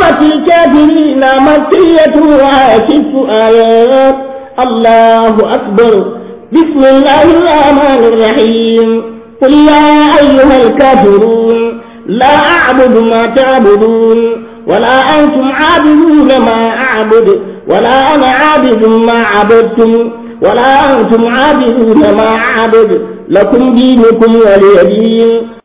ثم في الكافرين مكية وست آيات الله أكبر بسم الله الرحمن الرحيم قل يا أيها الكافرون لا أعبد ما تعبدون ولا أنتم عابدون ما أعبد ولا أنا عابد ما عبدتم ولا أنتم عابدون ما أعبد لكم دينكم ولي دين